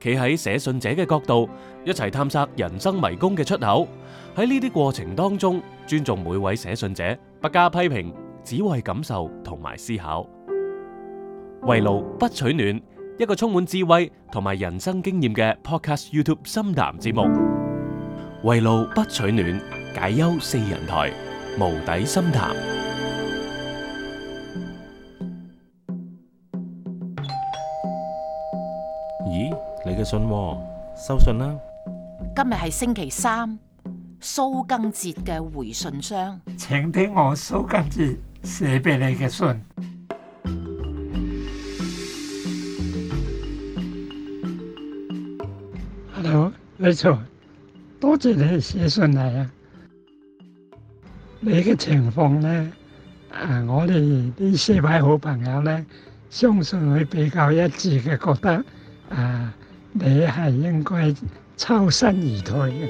企喺寫信者嘅角度，一齊探索人生迷宮嘅出口。喺呢啲過程當中，尊重每位寫信者，不加批評，只為感受同埋思考。圍爐不取暖，一個充滿智慧同埋人生經驗嘅 Podcast YouTube 深談節目。圍爐不取暖，解憂四人台，無底深談。信喎，收信啦！今日係星期三，蘇賡哲嘅回信箱，請聽我蘇賡哲寫俾你嘅信。Hello，李財，多謝你寫信嚟啊！你嘅情況咧，誒，我哋呢四位好朋友咧，相信會比較一致嘅，覺得誒。你係應該抽身而退嘅，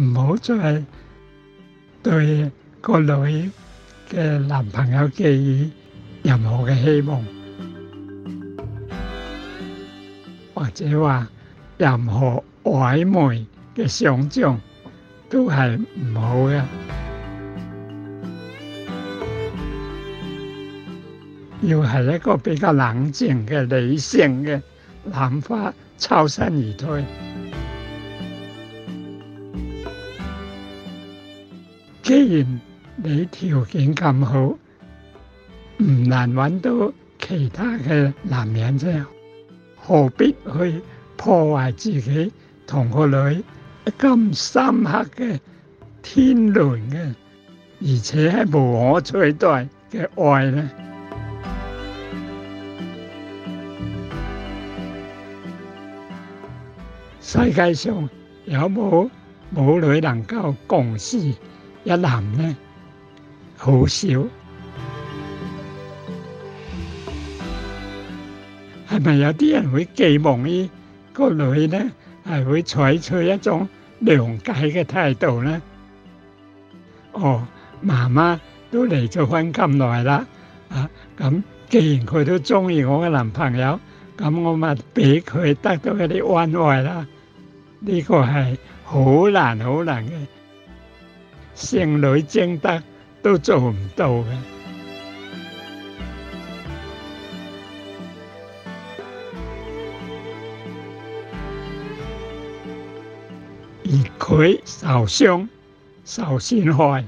唔好再對個女嘅男朋友寄予任何嘅希望，或者話任何曖昧嘅想象都係唔好嘅。要係一個比較冷靜嘅理性嘅諗法，抽身而退。既然你條件咁好，唔難搵到其他嘅男人啫，何必去破壞自己同個女咁深刻嘅天倫嘅，而且係無可取代嘅愛咧？世界上有冇母女能夠共侍一男呢？好少。係咪有啲人會寄望於個女呢，係會採取一種諒解嘅態度呢？哦，媽媽都離咗婚咁耐啦，啊咁，既然佢都鍾意我嘅男朋友，咁我咪俾佢得到一啲安慰啦。呢個係好難好難嘅，聖女貞德都做唔到嘅，而佢受傷、受損害、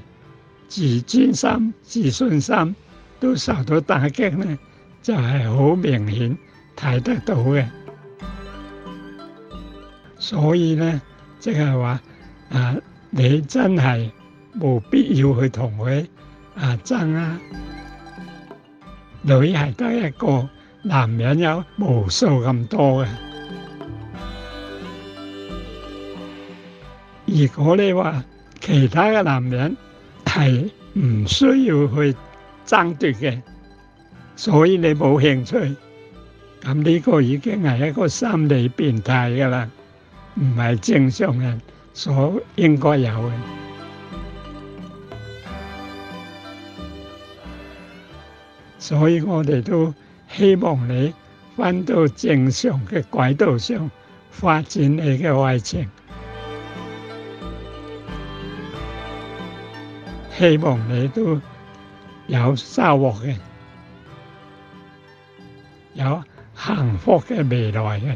自尊心、自信心都受到打擊咧，就係好明顯睇得到嘅。所以呢，即係話你真係無必要去同佢啊爭啊。女人係得一個，男人有無數咁多嘅。如果你話其他嘅男人係唔需要去爭奪嘅，所以你冇興趣，咁呢個已經係一個心理變態㗎喇。唔係正常人所應該有嘅，所以我哋都希望你翻到正常嘅軌道上發展你嘅愛情，希望你都有收穫嘅，有幸福嘅未來嘅。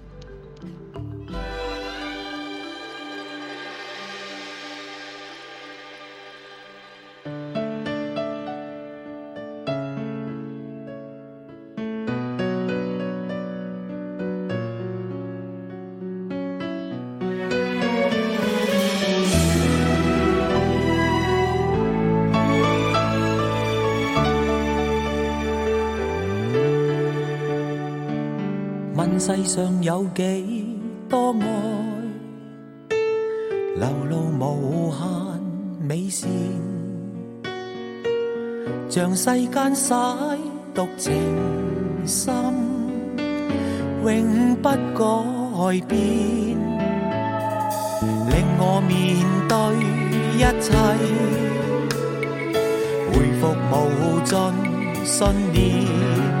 問世上有幾多愛，流露無限美善，像世間灑獨情深，永不改變，令我面對一切，回復無盡信念。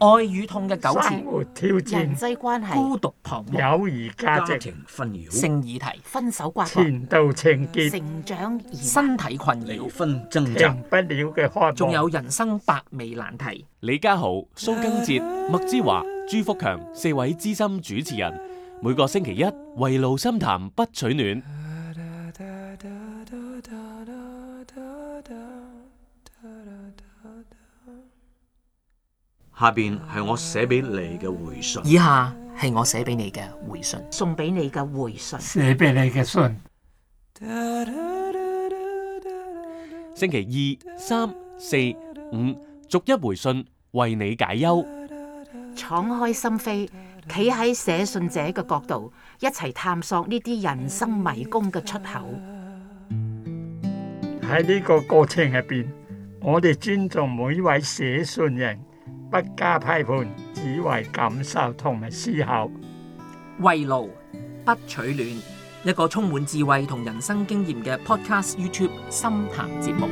愛與痛嘅糾纏，挑戰人際關係，孤獨彷徨，友誼價值，情分、困擾，成議題，分手關，前度情結，成長，身體困擾，離婚掙扎，不了嘅開端，仲有人生百味難題。李家豪、蘇賡哲、麥之華、朱福強四位資深主持人，每個星期一圍爐深談不取暖。下邊係我寫俾你嘅回信。以下係我寫俾你嘅回信，送俾你嘅回信，寫俾你嘅信。星期二、三、四、五，逐一回信，為你解憂。敞開心扉，企喺寫信者嘅角度，一齊探索呢啲人生迷宮嘅出口。喺呢個過程入邊，我哋尊重每一位寫信人。不加批判，只為感受同埋思考。慰勞不取暖，一個充滿智慧同人生經驗嘅 Podcast YouTube 深談節目。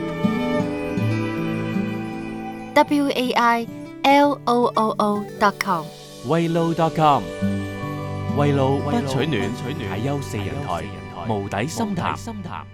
w a i l o o o dot com 慰勞 dot com 慰勞不取暖，係由四人台無底深談。